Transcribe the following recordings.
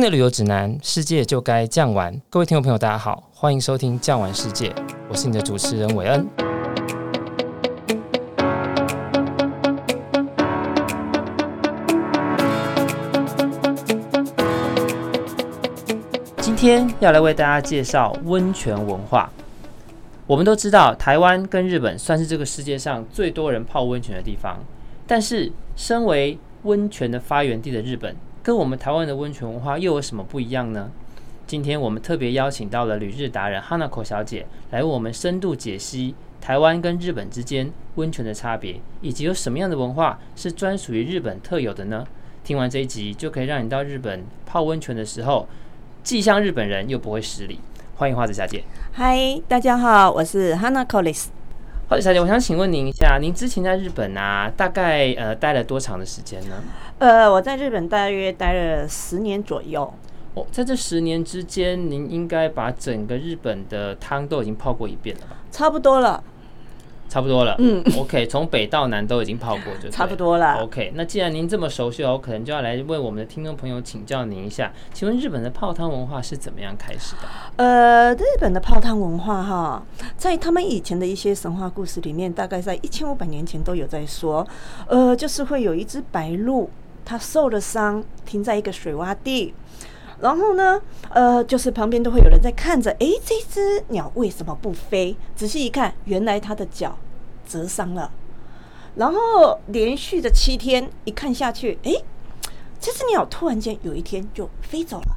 的旅遊指南，世界就該降玩。各位聽眾朋友，大家好，歡迎收聽《降玩世界》，我是你的主持人韋恩。今天要來為大家介紹溫泉文化。我們都知道，台灣跟日本算是這個世界上最多人泡溫泉的地方。但是，身為溫泉的發源地的日本。跟我們台灣的溫泉文化又有什麼不一樣呢？今天我們特別邀請到了旅日達人 Hanako 小姐來為我們深度解析台灣跟日本之間溫泉的差別，以及有什麼樣的文化是專屬於日本特有的呢？聽完這一集，就可以讓你到日本泡溫泉的時候，既像日本人又不會失禮。歡迎花子小姐。嗨，大家好，我是 Hanako。好，小姐，我想請問您一下，您之前在日本啊，大概呃待了多長的時間呢？呃，我在日本大約待了十年左右。哦，在這十年之間，您應該把整個日本的湯都已經泡過一遍了吧？差不多了。差不多了，嗯，OK，從 北到南都已經泡過就對了，就差不多了，OK。那既然您這麼熟悉，我可能就要來為我們的聽眾朋友請教您一下，請問日本的泡湯文化是怎麼樣開始的？呃，日本的泡湯文化哈，在他們以前的一些神話故事裡面，大概在一千五百年前都有在說，呃，就是會有一隻白鷺，它受了傷，停在一個水窪地。然後呢，呃，就是旁邊都會有人在看着，哎，這隻鳥為什麼不飛？仔細一看，原來它的腳折傷了。然後連續的七天，一看下去，哎，這隻鳥突然間有一天就飛走了。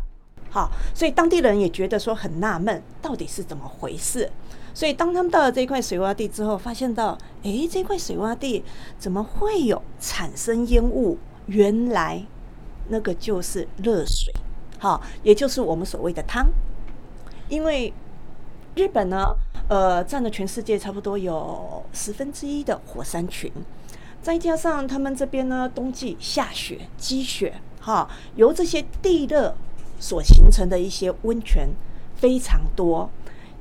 好，所以當地人也覺得說很納悶，到底是怎麼回事？所以當他們到了這塊水窪地之後，發現到，哎，這塊水窪地怎麼會有產生煙霧？原來那個就是熱水。好，也就是我們所謂的湯，因為日本呢，呃，佔了全世界差不多有十分之一的火山群，再加上他們這邊呢，冬季下雪積雪，哈、呃，由這些地熱所形成的一些溫泉非常多，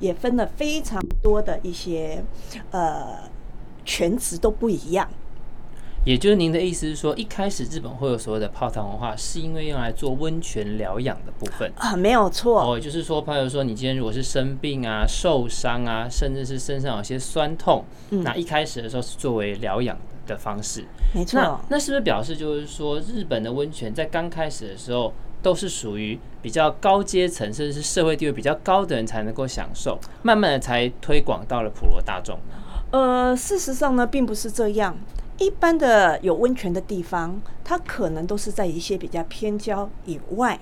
也分了非常多的一些，呃，泉質都不一樣。也就是您的意思是說，一開始日本會有所謂的泡湯文化，是因為用來做溫泉療養的部分啊，沒有錯。哦，就是說，朋友說你今天如果是生病啊、受傷啊，甚至是身上有些酸痛，嗯，那一開始的時候是作為療養的方式。沒錯，那是不是表示就是說，日本的溫泉在剛開始的時候都是屬於比較高階層，甚至是社會地位比較高的人才能夠享受，慢慢的才推廣到了普羅大眾？呃，事實上呢，並不是這樣。一般的有溫泉的地方，它可能都是在一些比較偏郊，以外，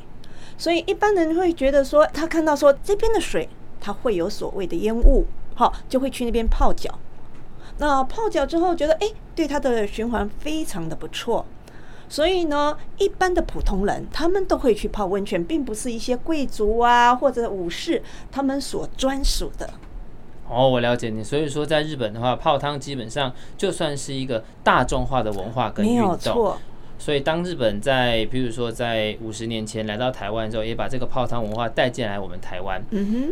所以一般人會覺得說，他看到說這邊的水，他會有所謂的煙霧，好、哦，就會去那邊泡腳。那泡腳之後覺得，誒、欸，對他的循環非常的不錯，所以呢，一般的普通人他們都會去泡溫泉，並不是一些貴族啊或者武士他們所專屬的。哦，我了解你，所以說在日本的話，泡湯基本上就算是一個大眾化的文化跟運動。所以當日本在，比如說在五十年前來到台灣之後，也把這個泡湯文化帶進來我們台灣。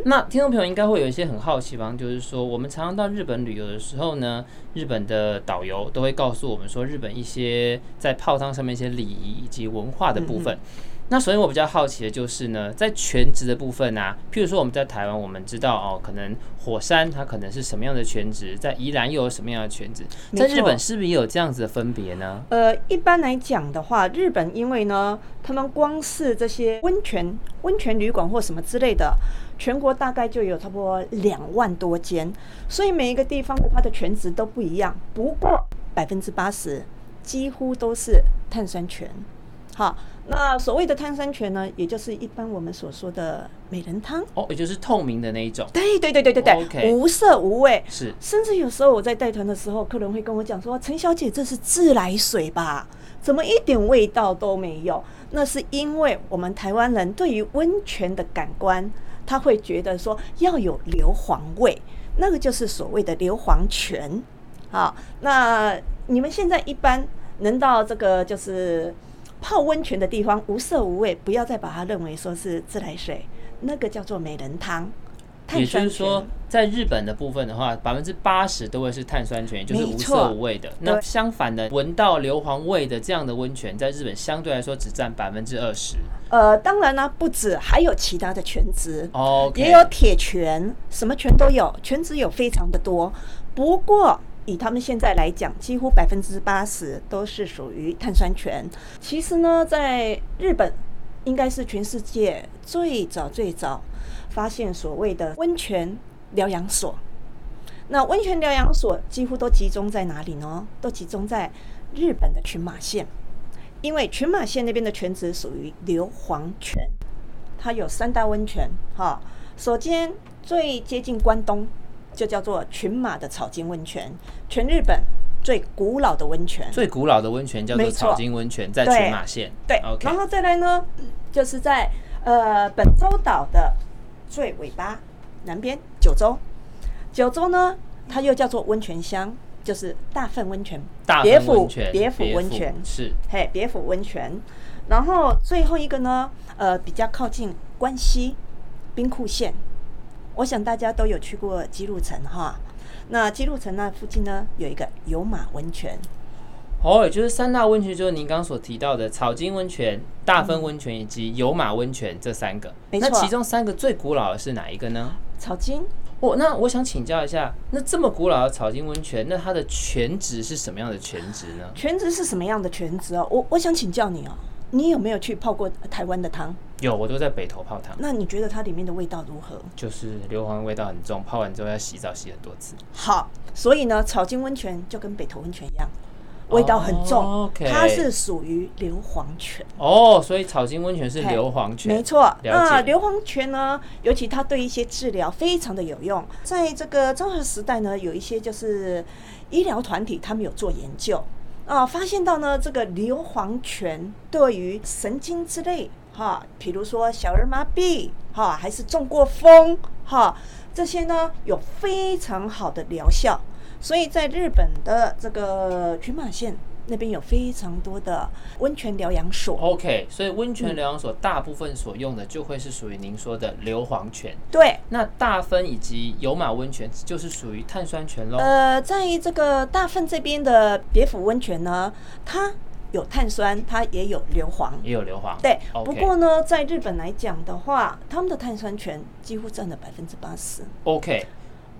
那聽眾朋友應該會有一些很好奇吧？就是說，我們常常到日本旅遊的時候呢，日本的導遊都會告訴我們說，日本一些在泡湯上面一些禮儀以及文化的部分。那所以我比較好奇的就是呢，在泉質的部分啊，譬如說我們在台灣，我們知道哦，可能火山它可能是什麼樣的泉質，在宜蘭又有什麼樣的泉質，在日本是不是也有這樣子的分別呢？呃，一般來講的話，日本因為呢，他們光是這些溫泉、溫泉旅館或什麼之類的，全國大概就有差不多兩萬多間，所以每一個地方它的泉質都不一樣。不過百分之八十幾乎都是碳酸泉，好。那所謂的碳酸泉呢，也就是一般我們所說的美人湯哦，也、oh, 就是透明的那一種。對對對對對對，oh, okay. 無色無味是。甚至有時候我在帶團的時候，客人會跟我講說：“陳小姐，這是自來水吧？怎麼一點味道都沒有？”那是因為我們台灣人對於溫泉的感官，他會覺得說要有硫磺味，那個就是所謂的硫磺泉。好，那你們現在一般能到這個就是。泡溫泉的地方無色無味，不要再把它認為說是自來水，那個叫做美人湯。碳酸泉，也就是說，在日本的部分的話，百分之八十都會是碳酸泉，沒錯，就是無色無味的。對。那相反的，聞到硫磺味的這樣的溫泉，在日本相對來說只占百分之二十。呃，當然呢，啊，不止，還有其他的泉質哦，Okay. 也有鐵泉，什麼泉都有，泉質有非常的多。不過。以他們現在來講，幾乎百分之八十都是屬於碳酸泉。其實呢，在日本，應該是全世界最早最早發現所謂的溫泉療養所。那溫泉療養所幾乎都集中在哪裡呢？都集中在日本的群馬縣，因為群馬縣那邊的泉質屬於硫磺泉，它有三大溫泉。哈，首先最接近關東。就叫做群馬的草津溫泉，全日本最古老的溫泉。最古老的溫泉叫做草津溫泉，在群馬縣。對，對 Okay. 然後再來呢，就是在呃本州島的最尾巴南邊九州，九州呢，它又叫做溫泉鄉，就是大分溫泉、別府溫泉、別府溫泉是，嘿別府溫泉。然後最後一個呢，呃，比較靠近關西，兵庫縣。我想大家都有去過姬路城哈，那姬路城那附近呢，有一個有馬溫泉。哦，也就是三大溫泉就是您剛剛所提到的草津溫泉、大分溫泉以及有馬溫泉這三個。嗯、沒錯。那其中三個最古老的是哪一個呢？草津。我、哦、那我想請教一下，那這麼古老的草津溫泉，那它的泉質是什麼樣的泉質呢？泉質是什麼樣的泉質哦，我我想請教你哦。你有沒有去泡過台灣的湯？有，我都在北投泡湯。那你覺得它裡面的味道如何？就是硫磺味道很重，泡完之後要洗澡洗很多次。好，所以呢，草津溫泉就跟北投溫泉一樣，味道很重。Oh, okay. 它是屬於硫磺泉。哦，oh, 所以草津溫泉是硫磺泉，okay, 沒錯。了解。那硫磺泉呢，尤其它對一些治療非常的有用。在這個昭和時代呢，有一些就是醫療團體他們有做研究。啊，發現到呢，這個硫磺泉對於神經之類，哈，比如說小兒麻痹，哈，還是中過風，哈，這些呢有非常好的療效，所以在日本的這個群馬縣。那邊有非常多的溫泉療養所，OK，所以溫泉療養所大部分所用的就會是屬於您說的硫磺泉，對、嗯。那大分以及有馬溫泉就是屬於碳酸泉嘍。呃，在這個大分這邊的別府溫泉呢，它有碳酸，它也有硫磺，也有硫磺。對，okay, 不過呢，在日本來講的話，他們的碳酸泉幾乎佔了百分之八十。OK，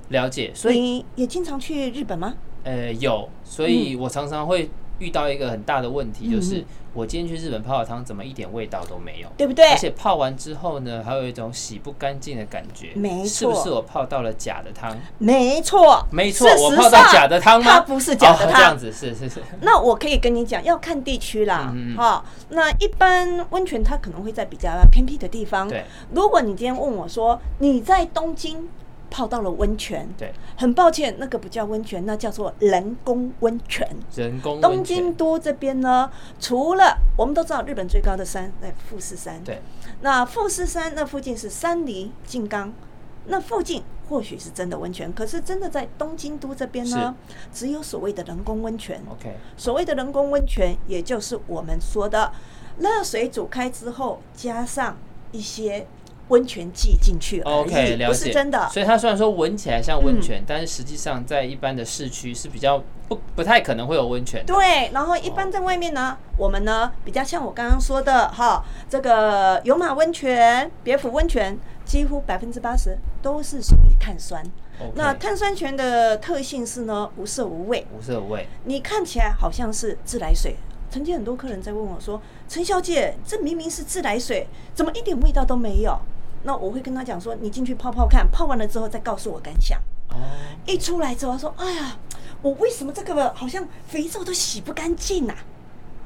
了解。所以你也經常去日本嗎？呃，有，所以我常常會。遇到一個很大的問題，就是我今天去日本泡的湯，怎麼一點味道都沒有，對不對？而且泡完之後呢，還有一種洗不乾淨的感覺，沒錯，是不是我泡到了假的湯錯？沒錯錯，沒錯，我泡到假的湯嗎？它不是假的湯，哦、這樣子是是是。那我可以跟你講，要看地區啦，好、嗯嗯，那一般溫泉它可能會在比較偏僻的地方。對，如果你今天問我說，你在東京。泡到了溫泉，對，很抱歉，那個不叫溫泉，那叫做人工溫泉。人工。東京都這邊呢，除了我們都知道日本最高的山，在富士山，對，那富士山那附近是山梨、靜岡，那附近或許是真的溫泉，可是真的在東京都這邊呢，是只有所謂的人工溫泉。OK，所謂的人工溫泉，也就是我們說的，熱水煮開之後加上一些。溫泉劑進去 o、okay, k 不是真的。所以它雖然說聞起來像溫泉，嗯、但是實際上在一般的市區是比較不不太可能會有溫泉的。對，然後一般在外面呢，哦、我們呢比較像我剛剛說的哈，這個有馬溫泉、別府溫泉，幾乎百分之八十都是屬於碳酸。Okay, 那碳酸泉的特性是呢，無色無味，無色無味。你看起來好像是自來水。曾經很多客人在問我說：“陳小姐，這明明是自來水，怎麼一點味道都沒有？”那我會跟他講說，你進去泡泡看，泡完了之後再告訴我感想。哦、啊，一出來之後他說，哎呀，我為什麼這個好像肥皂都洗不乾淨吶？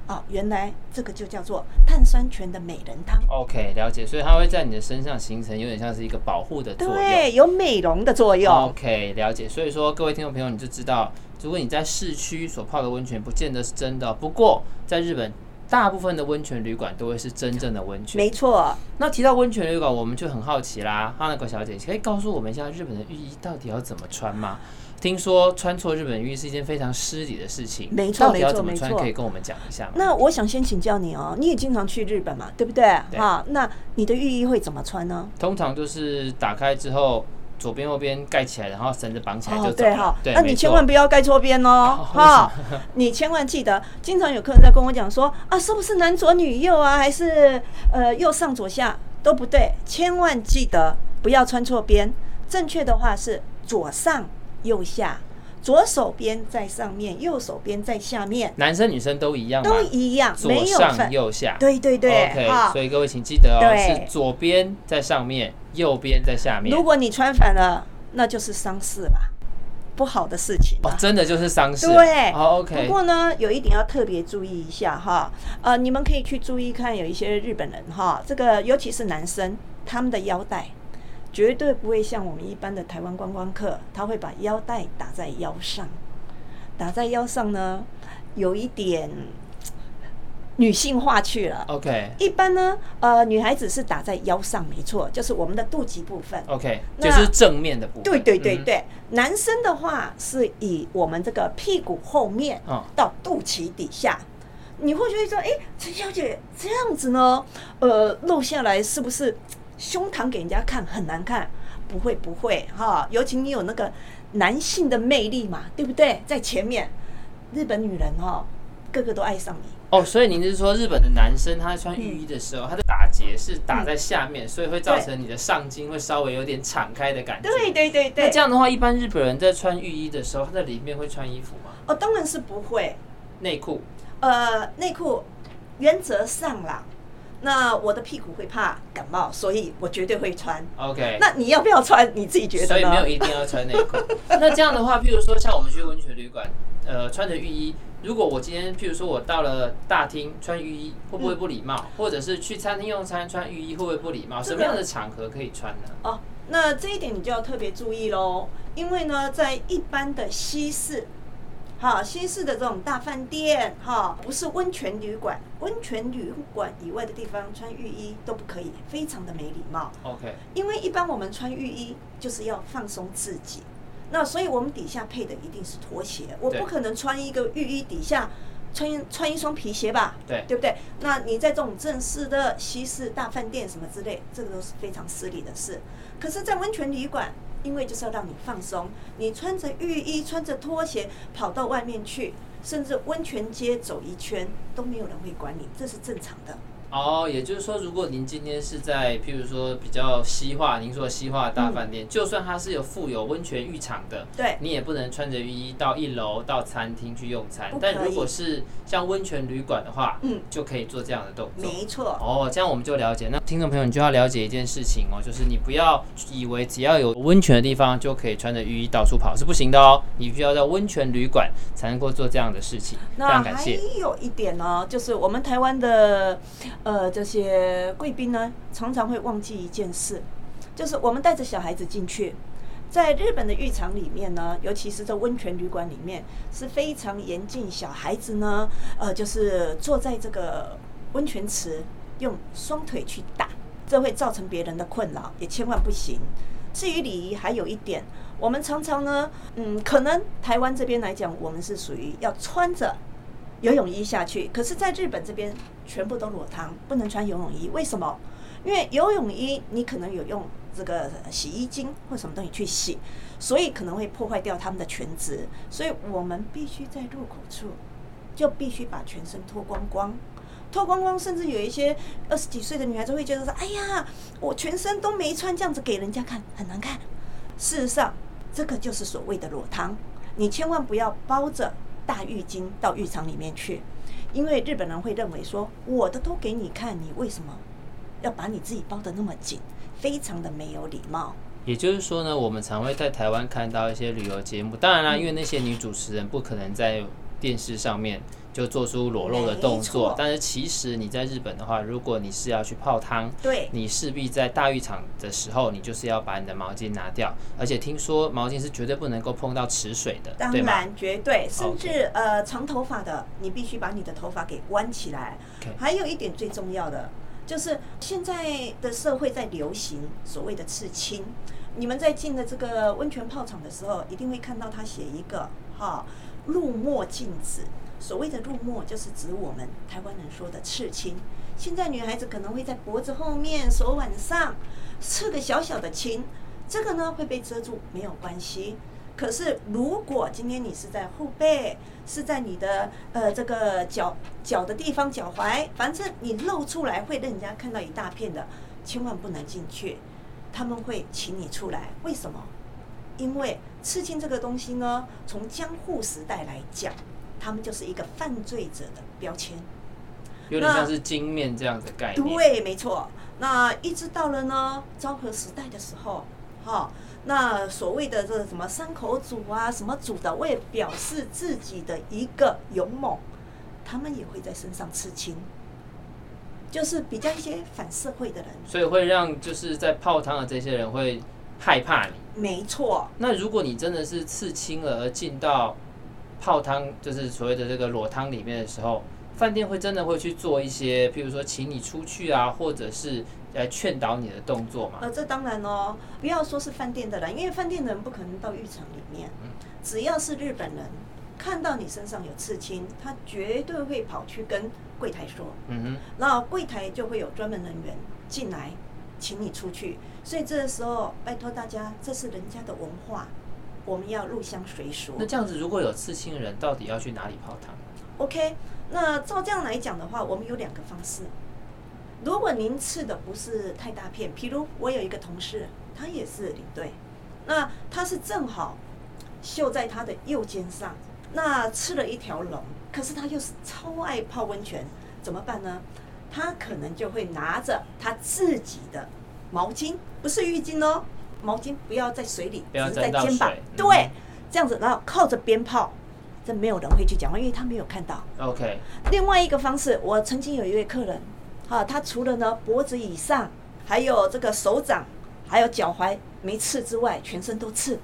哦、啊，原來這個就叫做碳酸泉的美人湯。OK，了解。所以它會在你的身上形成有點像是一個保護的作用，對，有美容的作用。OK，了解。所以說，各位聽眾朋友，你就知道，如果你在市區所泡的溫泉，不見得是真的。不過在日本。大部分的溫泉旅館都會是真正的溫泉，沒錯錯。那提到溫泉旅館，我們就很好奇啦。哈、啊、那個小姐，可以告訴我們一下日本的浴衣到底要怎麼穿嗎？聽說穿錯日本浴衣是一件非常失禮的事情，沒錯錯，到底要怎麼穿？可以跟我們講一下嗎？那我想先請教你哦，你也經常去日本嘛，對不對？啊對，那你的浴衣會怎麼穿呢？通常就是打開之後。左邊右邊蓋起來，然後繩子綁起來就對、oh,。對哈，那你千萬不要蓋錯邊哦。哈、oh,，你千萬記得，經常有客人在跟我講說，啊，是不是男左女右啊？還是呃，右上左下都不對，千萬記得不要穿錯邊。正確的話是左上右下。左手邊在上面，右手邊在下面。男生女生都一樣嗎？都一樣，沒有分，左上右下。對對對，OK、哦。所以各位請記得哦，對是左邊在上面，對右邊在下面。如果你穿反了，那就是喪事了，不好的事情、啊。哦，真的就是喪事。對、哦、，OK。不過呢，有一點要特別注意一下哈、哦，呃，你們可以去注意看，有一些日本人哈、哦，這個尤其是男生，他們的腰帶。絕對不會像我們一般的台灣觀光客，他會把腰帶打在腰上，打在腰上呢，有一點女性化去了。OK，一般呢，呃，女孩子是打在腰上，沒錯，就是我們的肚臍部分。OK，那就是正面的部分。對對對對，嗯、男生的話是以我們這個屁股後面啊到肚臍底下，嗯、你會覺得說，哎、欸，陳小姐，這樣子呢，呃，露下來是不是？胸膛給人家看很難看，不會不會哈，尤其你有那個男性的魅力嘛，對不對？在前面，日本女人哦，個個都愛上你哦。所以您是說，日本的男生他在穿浴衣的時候，嗯、他的打結是打在下面，嗯、所以會造成你的上襟會稍微有點敞開的感覺。對，對對對對。那這樣的話，一般日本人在穿浴衣的時候，他在裡面會穿衣服嗎？哦，當然是不會，內褲。呃，內褲原則上啦。那我的屁股會怕感冒，所以我絕對會穿。OK，那你要不要穿？你自己覺得？所以沒有一定要穿內褲。 那這樣的話，譬如說像我們去溫泉旅館，呃，穿着浴衣，如果我今天譬如說我到了大廳穿浴衣，會不會不禮貌？嗯、或者是去餐廳用餐穿浴衣會不會不禮貌？什麼樣的場合可以穿呢？嗯、哦，那這一點你就要特別注意嘍，因為呢，在一般的西式。好，西式的這種大飯店，哈，不是溫泉旅館，溫泉旅館以外的地方穿浴衣都不可以，非常的沒禮貌。OK，因為一般我們穿浴衣就是要放鬆自己，那所以我們底下配的一定是拖鞋，我不可能穿一個浴衣底下穿穿一雙皮鞋吧？對，對不對？那你在這種正式的西式大飯店什麼之類，這個都是非常失禮的事。可是，在溫泉旅館。因為就是要讓你放鬆，你穿着浴衣、穿着拖鞋跑到外面去，甚至溫泉街走一圈，都沒有人會管你，這是正常的。哦，也就是說，如果您今天是在譬如說比較西化，您說西化的大飯店，嗯，就算它是有附有溫泉浴場的，對，你也不能穿着浴衣到一樓到餐廳去用餐。但如果是像溫泉旅館的話，嗯，就可以做這樣的動作，嗯。沒錯。哦，這樣我們就了解。那聽眾朋友，你就要了解一件事情哦，就是你不要以為只要有溫泉的地方就可以穿着浴衣到處跑，是不行的哦。你需要在溫泉旅館才能夠做這樣的事情。非常感謝。那還有一點呢，哦，就是我們台灣的呃這些貴賓呢，常常會忘記一件事，就是我們帶着小孩子進去。在日本的浴場裡面呢，尤其是在溫泉旅館裡面，是非常嚴禁小孩子呢。呃，就是坐在這個溫泉池，用雙腿去打，這會造成別人的困擾，也千萬不行。至於禮儀，還有一點，我們常常呢，嗯，可能台灣這邊來講，我們是屬於要穿着游泳衣下去，可是，在日本這邊全部都裸湯，不能穿游泳衣，為什麼？因為游泳衣你可能有用，這個洗衣精或什麼東西去洗，所以可能會破壞掉他們的泉質。所以我們必須在入口處就必須把全身脫光光，脫光光，甚至有一些二十幾歲的女孩子會覺得說：“哎呀，我全身都沒穿這樣子給人家看，很難看。”事實上，這個就是所謂的裸湯。你千萬不要包着大浴巾到浴場裡面去，因為日本人會認為說：“我的都給你看，你為什麼要把你自己包得那麼緊？”非常的沒有禮貌。也就是說呢，我們常會在台灣看到一些旅遊節目。當然啦，因為那些女主持人不可能在電視上面就做出裸露的動作。沒錯。但是其實你在日本的話，如果你是要去泡湯，對，你勢必在大浴場的時候，你就是要把你的毛巾拿掉。而且聽說毛巾是絕對不能夠碰到池水的，當然，對嗎？絕對。甚至 Okay. 呃，長頭髮的，你必須把你的頭髮給關起來。Okay. 還有一點最重要的。就是現在的社會在流行所謂的刺青，你們在進的這個溫泉泡場的時候，一定會看到他寫一個哈、哦，入墨禁止。所謂的入墨就是指我們台灣人說的刺青。現在女孩子可能會在脖子後面、手腕上刺個小小的青，這個呢會被遮住，沒有關係。可是，如果今天你是在後背，是在你的呃這個腳腳的地方、腳踝，反正你露出來會讓人家看到一大片的，千萬不能進去。他們會請你出來，為什麼？因為刺青這個東西呢，從江戶時代來講，他們就是一個犯罪者的標籤，有點像是黥面這樣的概念。對，沒錯。那一直到了呢昭和時代的時候。哈，那所謂的這個什麼山口組啊，什麼組的，為表示自己的一個勇猛，他們也會在身上刺青，就是比較一些反社會的人，所以會讓就是在泡湯的這些人會害怕你。沒錯，那如果你真的是刺青了而進到泡湯，就是所謂的這個裸湯裡面的時候。飯店會真的會去做一些，譬如說請你出去啊，或者是來勸導你的動作嘛？呃，這當然哦，不要說是飯店的人，因為飯店的人不可能到浴場裡面。嗯。只要是日本人看到你身上有刺青，他絕對會跑去跟櫃台說。嗯哼。然後櫃台就會有專門人員進來，請你出去。所以這個時候，拜托大家，這是人家的文化，我們要入鄉隨俗。那這樣子，如果有刺青的人，到底要去哪裡泡湯？OK。那照這樣來講的話，我們有兩個方式。如果您刺的不是太大片，比如我有一個同事，他也是領隊，那他是正好繡在他的右肩上，那刺了一條龍，可是他又是超愛泡溫泉，怎麼辦呢？他可能就會拿着他自己的毛巾，不是浴巾哦，毛巾不要在水裡，只是在肩膀、嗯、對，這樣子然後靠着邊泡。這沒有人會去講話，因為他沒有看到。OK。另外一個方式，我曾經有一位客人，哈，他除了呢脖子以上，還有這個手掌，還有腳踝沒刺之外，全身都刺。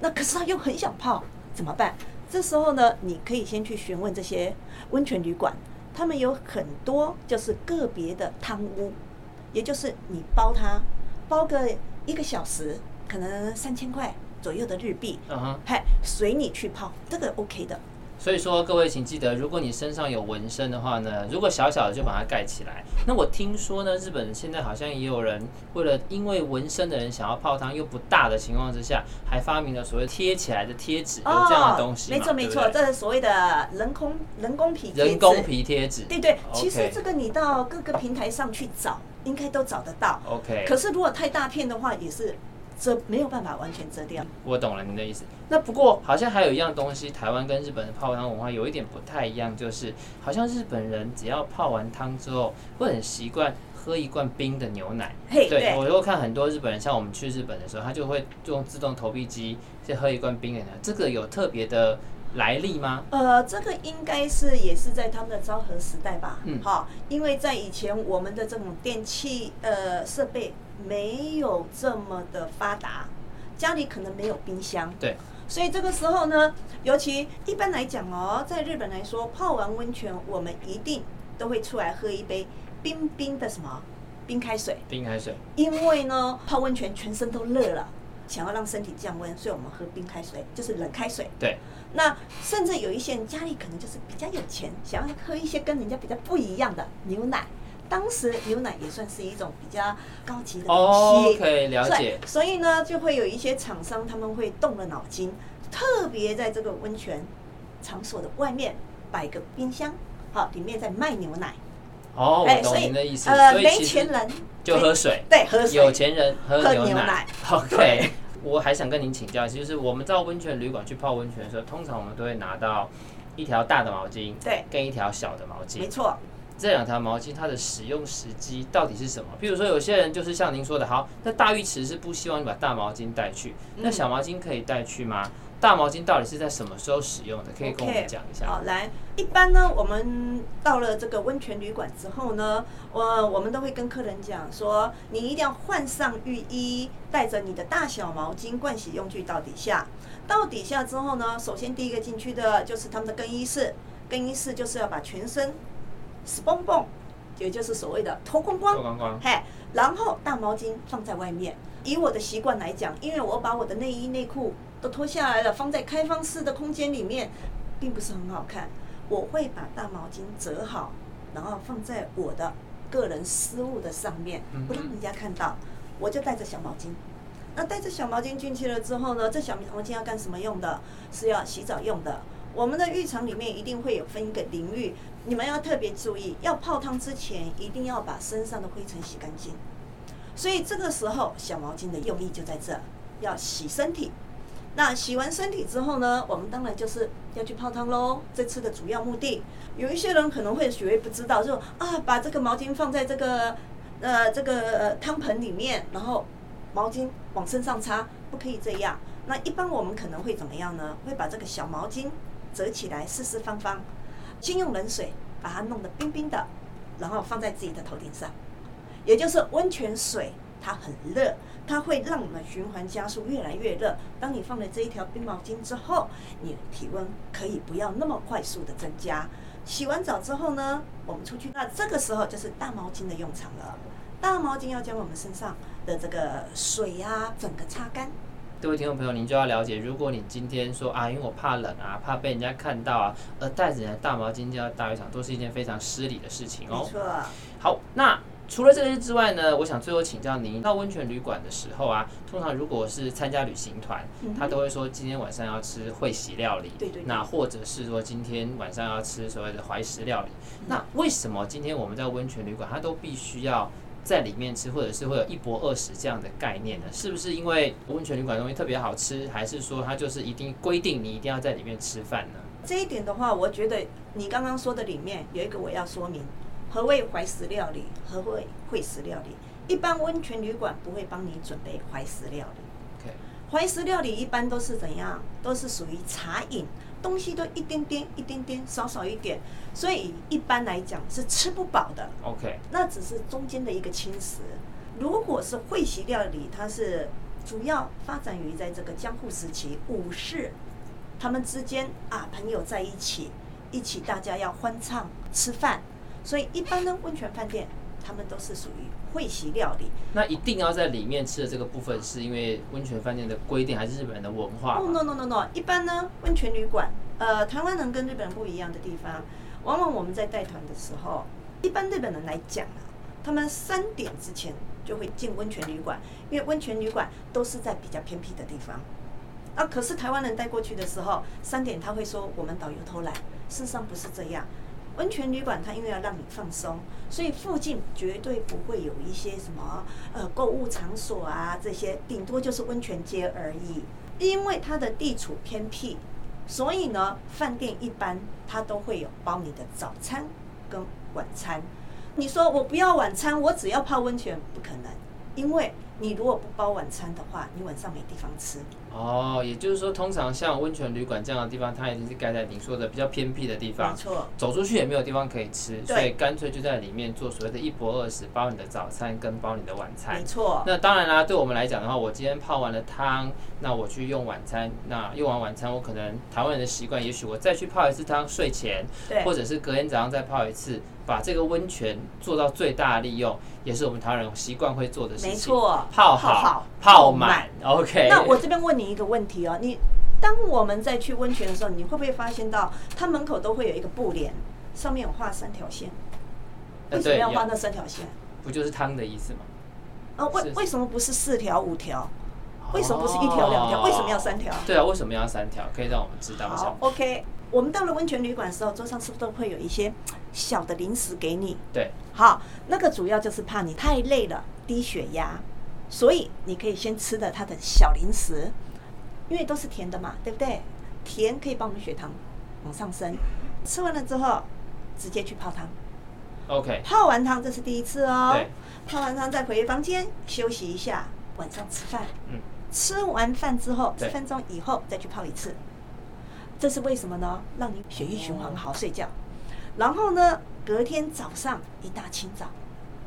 那可是他又很想泡，怎麼辦？這時候呢，你可以先去詢問這些溫泉旅館，他們有很多就是個別的湯屋，也就是你包他，包個一個小時，可能三千塊。左右的日幣，嗯哼、uh，隨、huh，你去泡，這個 OK 的。所以說，各位請記得，如果你身上有紋身的話呢，如果小小的就把它蓋起來。那我聽說呢，日本現在好像也有人為了因為紋身的人想要泡湯又不大的情況之下，還發明了所謂貼起來的貼紙、oh, 這樣的東西。沒錯沒錯，對對，這是所謂的人工人工皮貼人工皮貼紙，對，對對。Okay. 其實這個你到各個平台上去找，應該都找得到。OK。可是如果太大片的話，也是。這沒有辦法完全遮掉。我懂了您的意思。那不過好像還有一樣東西，台灣跟日本的泡湯文化有一點不太一樣，就是好像日本人只要泡完湯之後，會很習慣喝一罐冰的牛奶。嘿，對，對,對我有看很多日本人，像我們去日本的時候，他就會用自動投幣機去喝一罐冰的牛奶。這個有特別的來歷嗎？呃，這個應該是也是在他們的昭和時代吧。嗯，好，因為在以前我們的這種電器呃設備。沒有這麼的發達，家裡可能沒有冰箱，對，所以這個時候呢，尤其一般來講哦，在日本來說，泡完溫泉，我們一定都會出來喝一杯冰冰的什麼冰開水，冰開水，因為呢，泡溫泉全身都熱了，想要讓身體降溫，所以我們喝冰開水，就是冷開水，對，那甚至有一些人家裡可能就是比較有錢，想要喝一些跟人家比較不一樣的牛奶。當時牛奶也算是一種比較高級的東西，oh, okay, 了解。所以呢，所以就會有一些廠商他們會動了腦筋，特別在這個溫泉場所的外面擺個冰箱，好，裡面在賣牛奶。哦、oh, 欸，我懂您的意思。所以呃，沒錢人就喝水，喝水對，喝水；有錢人喝牛奶。OK，我還想跟您請教一下，就是我們在溫泉旅館去泡溫泉的時候，通常我們都會拿到一條大的毛巾，對，跟一條小的毛巾，對，沒錯。這兩條毛巾它的使用時機到底是什麼？比如說，有些人就是像您說的，好，那大浴池是不希望你把大毛巾帶去，那小毛巾可以帶去嗎？大毛巾到底是在什麼時候使用的？可以跟我們講一下。Okay, 好，來，一般呢，我們到了這個溫泉旅館之後呢，我我們都會跟客人講說，你一定要換上浴衣，帶着你的大小毛巾、盥洗用具到底下。到底下之後呢，首先第一個進去的就是他們的更衣室，更衣室就是要把全身。スポンポン，也就是所謂的脫光光，脫光光嘿，然後大毛巾放在外面。以我的習慣來講，因為我把我的內衣內褲都脫下來了，放在開放式的空間裡面，並不是很好看。我會把大毛巾折好，然後放在我的個人私物的上面，不讓人家看到。我就帶着小毛巾，那帶着小毛巾進去了之後呢？這小毛巾要幹什麼用的？是要洗澡用的。我們的浴場裡面一定會有分一個淋浴。你們要特別注意，要泡湯之前一定要把身上的灰塵洗乾淨。所以這個時候，小毛巾的用意就在這，要洗身體。那洗完身體之後呢，我們當然就是要去泡湯嘍。這次的主要目的，有一些人可能會學會不知道，就啊把這個毛巾放在這個呃這個湯盆裡面，然後毛巾往身上擦，不可以這樣。那一般我們可能會怎麼樣呢？會把這個小毛巾折起來，四四方方，先用冷水把它弄得冰冰的，然後放在自己的頭頂上，也就是溫泉水，它很熱，它會讓我們的循環加速，越來越熱。當你放了這一條冰毛巾之後，你的體溫可以不要那麼快速的增加。洗完澡之後呢，我們出去，那這個時候就是大毛巾的用場了。大毛巾要將我們身上的這個水呀、啊、整個擦乾。各位聽眾朋友，您就要了解，如果你今天說啊，因為我怕冷啊，怕被人家看到啊，而帶着大毛巾就要大浴場，都是一件非常失禮的事情哦。好，那除了這些之外呢，我想最後請教您，到溫泉旅館的時候啊，通常如果是參加旅行團，他都會說今天晚上要吃會席料理，對對。那或者是說今天晚上要吃所謂的懷石料理，那為什麼今天我們在溫泉旅館，他都必須要？在裡面吃，或者是會有一泊二食這樣的概念呢？是不是因為溫泉旅館東西特別好吃，還是說它就是一定規定你一定要在裡面吃飯呢？這一點的話，我覺得你剛剛說的裡面有一個我要說明：何謂懷石料理，何謂會席料理？一般溫泉旅館不會幫你準備懷石料理。OK。懷石料理一般都是怎樣？都是屬於茶飲。東西都一丁丁一丁丁少少一點，所以一般來講是吃不飽的。OK，那只是中間的一個輕食。如果是會席料理，它是主要發展於在這個江戶時期，武士他們之間啊，朋友在一起，一起大家要歡暢吃飯，所以一般呢溫泉飯店。他們都是屬於會席料理。那一定要在裡面吃的這個部分，是因為溫泉飯店的規定，還是日本人的文化？不不不不，一般呢，溫泉旅館，呃，台灣人跟日本人不一樣的地方，往往我們在帶團的時候，一般日本人來講啊，他們三點之前就會進溫泉旅館，因為溫泉旅館都是在比較偏僻的地方。啊，可是台灣人帶過去的時候，三點他會說我們導遊偷懶，事實上不是這樣。溫泉旅館，它因為要讓你放鬆，所以附近絕對不會有一些什麼呃購物場所啊，這些頂多就是溫泉街而已。因為它的地處偏僻，所以呢，飯店一般它都會有包你的早餐跟晚餐。你說我不要晚餐，我只要泡溫泉，不可能，因為。你如果不包晚餐的話，你晚上沒地方吃。哦，也就是說，通常像溫泉旅館這樣的地方，它一定是蓋在你說的比較偏僻的地方。沒錯錯，走出去也沒有地方可以吃，對所以乾脆就在裡面做所謂的“一泊二食”，包你的早餐跟包你的晚餐。沒錯錯。那當然啦、啊，對我們來講的話，我今天泡完了湯，那我去用晚餐，那用完晚餐，我可能台灣人的習慣，也許我再去泡一次湯，睡前，對，或者是隔天早上再泡一次，把這個溫泉做到最大利用，也是我們台灣人習慣會做的事情。沒錯。泡好，好好泡滿滿，OK。那我這邊問你一個問題哦、喔，你當我們在去溫泉的時候，你會不會發現到它門口都會有一個布簾，上面有畫三條線？呃、對為什麼要畫那三條線？不就是湯的意思嗎？為、啊、是為什麼不是四條、五條？為什麼不是一條、兩條、哦？為什麼要三條？對啊，為什麼要三條？可以讓我們知道一下。好，OK。我們到了溫泉旅館的時候，桌上是不是都會有一些小的零食給你？對，好，那個主要就是怕你太累了，低血壓。所以你可以先吃的它的小零食，因為都是甜的嘛，對不對？甜可以幫我們血糖往上升。吃完了之後，直接去泡湯。OK。泡完湯這是第一次哦。對泡完湯再回房間休息一下，晚上吃飯。嗯、吃完飯之後，十對分鐘以後再去泡一次。這是為什麼呢？讓你血液循環好睡覺。Oh. 然後呢，隔天早上一大清早，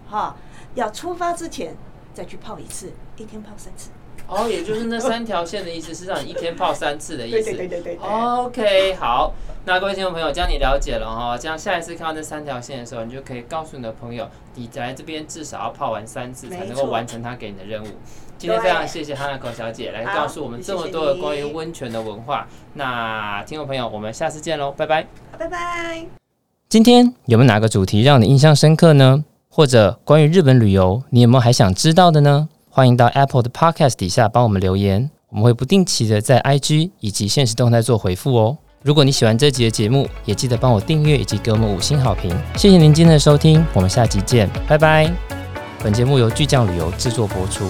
哈、哦，要出發之前。再去泡一次，一天泡三次。哦，也就是那三條線的意思 是讓你一天泡三次的意思。對對對，對，對，對 OK，好，那各位聽眾朋友，這樣你了解了哦，這樣下一次看到那三條線的時候，你就可以告訴你的朋友，你來這邊至少要泡完三次才能夠完成他給你的任務。錯今天非常謝謝哈娜可小姐對來告訴我們這麼多的關於溫泉的文化。謝謝，那聽眾朋友，我們下次見嘍，拜拜，拜拜。今天有沒有哪個主題讓你印象深刻呢？或者關於日本旅遊，你有沒有還想知道的呢？歡迎到 Apple 的 Podcast 底下幫我們留言，我們會不定期的在 IG 以及現實動態做回復哦。如果你喜歡這集的節目，也記得幫我訂閱以及給我們五星好評。謝謝您今天的收聽，我們下集見，拜拜。本節目由巨匠旅遊制作播出。